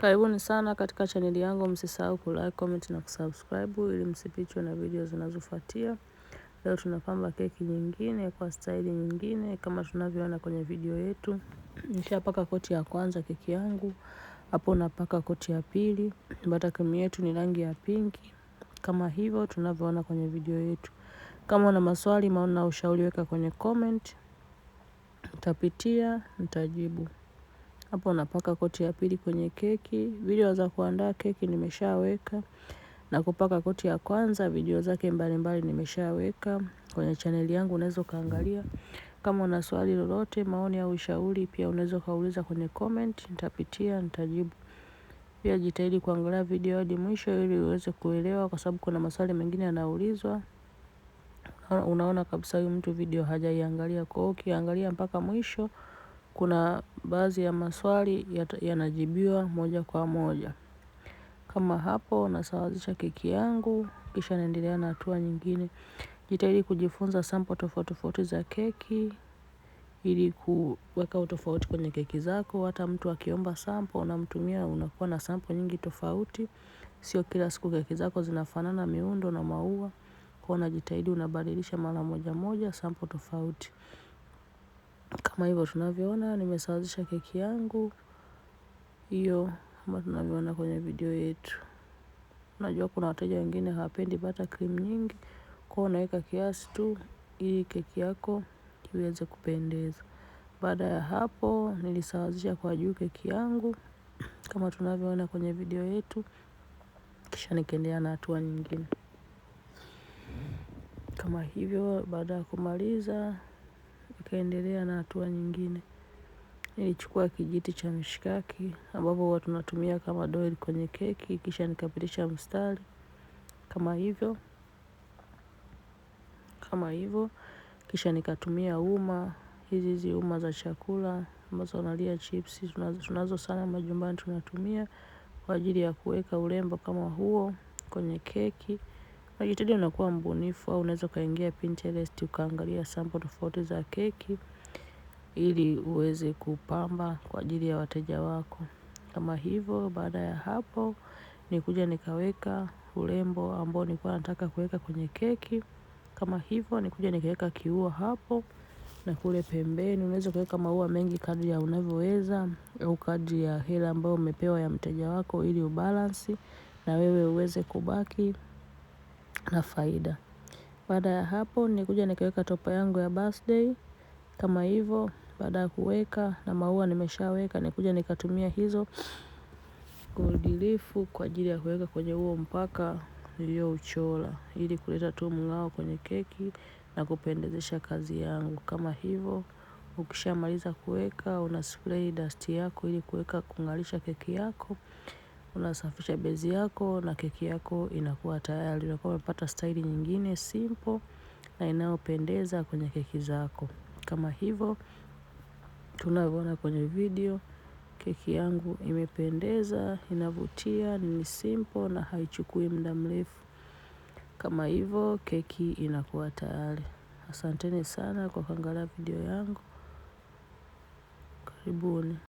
Karibuni sana katika chaneli yangu, msisahau like, comment na kusubscribe ili msipitwe na video zinazofuatia. Leo tunapamba keki nyingine kwa staili nyingine kama tunavyoona kwenye video yetu. Nishapaka koti ya kwanza keki yangu, hapo napaka koti ya pili. Batakimu yetu ni rangi ya pinki kama hivyo tunavyoona kwenye video yetu. Kama una maswali, maoni na ushauri, weka kwenye comment, nitapitia nitajibu. Hapo napaka koti ya pili kwenye keki. Video za kuandaa keki nimeshaweka na kupaka koti ya kwanza, video zake mbalimbali nimeshaweka kwenye chaneli yangu, unaweza ukaangalia. Kama una swali lolote, maoni au ushauri, pia unaweza ukauliza kwenye comment, nitapitia, nitajibu. Pia jitahidi kuangalia video hadi mwisho ili uweze kuelewa, kwa sababu kuna maswali mengine yanaulizwa. Unaona kabisa huyu mtu video hajaiangalia, kwa hiyo ukiangalia mpaka mwisho kuna baadhi ya maswali yanajibiwa moja kwa moja. Kama hapo nasawazisha keki yangu, kisha naendelea na hatua nyingine. Jitahidi kujifunza sample tofauti tofauti za keki, ili kuweka utofauti kwenye keki zako, hata mtu akiomba sample unamtumia unakuwa na sample nyingi tofauti. Sio kila siku keki zako zinafanana miundo na maua, kwa unajitahidi unabadilisha mara moja moja sample tofauti. Kama hivyo tunavyoona nimesawazisha keki yangu hiyo kama tunavyoona kwenye video yetu. Najua kuna wateja wengine hawapendi bata cream nyingi, kwa unaweka kiasi tu ili keki yako iweze kupendeza. Baada ya hapo nilisawazisha kwa juu keki yangu kama tunavyoona kwenye video yetu, kisha nikaendelea na hatua nyingine. Kama hivyo baada ya kumaliza akaendelea na hatua nyingine. Nilichukua kijiti cha mishikaki ambapo huwa tunatumia kama doil kwenye keki kisha nikapitisha mstari kama hivyo kama hivyo kisha nikatumia uma hizi hizi uma za chakula ambazo wanalia chipsi tunazo sana majumbani tunatumia kwa ajili ya kuweka urembo kama huo kwenye keki. Unajitahidi unakuwa mbunifu au unaweza ukaingia Pinterest ukaangalia sample tofauti za keki ili uweze kupamba kwa ajili ya wateja wako. Kama hivyo, baada ya hapo nilikuja nikaweka urembo ambao nilikuwa nataka kuweka kwenye keki. Kama hivo nilikuja nikaweka kiua hapo na kule pembeni unaweza kuweka maua mengi kadri ya unavyoweza au kadri ya hela ambayo umepewa ya mteja wako ili ubalansi na wewe uweze kubaki na faida. Baada ya hapo nikuja nikaweka topa yangu ya birthday kama hivyo baada ya kuweka na maua nimeshaweka nikuja nikatumia hizo kudilifu kwa ajili ya kuweka kwenye huo mpaka niliouchora ili kuleta tu mng'ao kwenye keki na kupendezesha kazi yangu kama hivo ukishamaliza kuweka una spray dust yako ili kuweka kung'arisha keki yako unasafisha bezi yako na keki yako inakuwa tayari. Unakuwa umepata staili nyingine simple na inayopendeza kwenye keki zako. Kama hivyo tunavyoona kwenye video keki yangu imependeza, inavutia, ni simple na haichukui muda mrefu. Kama hivyo keki inakuwa tayari. Asanteni sana kwa kuangalia video yangu. Karibuni.